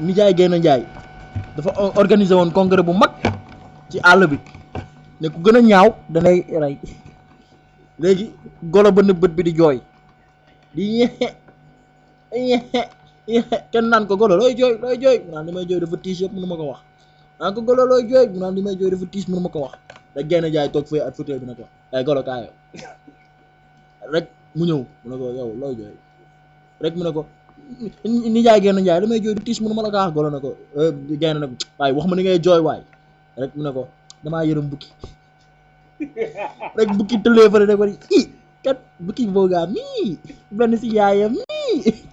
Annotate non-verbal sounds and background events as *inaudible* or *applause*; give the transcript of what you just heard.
nijaay Gaynde Njaay dafa organiser woon congrès bu mag ci àll bi ne ku gën a ñaaw danay rey léegi golo ba nëb bët bi di jooy di ñexe ñexe ñexe kenn naan ko golo looy jooy looy jooy mu naan li may jooy dafa tiis yëpp mënu ma ko wax naan ko golo looy jooy mu naan li may jooy dafa tiis mënu ma ko wax rek Gaynde Njaay toog fee ak bi na ko ay golo kaayoo rek mu ñëw mu ne ko yow looy jooy rek mu ne ko nijaay génn njaay damay jooy du tiis mënu ma la ko wax golo ne ko euh, génn na ko waaye wax ma ni ngay jooy waaye rek mu ne ko damaa yërëm bukki *laughs* rek bukki tëlee fële ne ko kat bukki boogaa mii benn si yaayam mii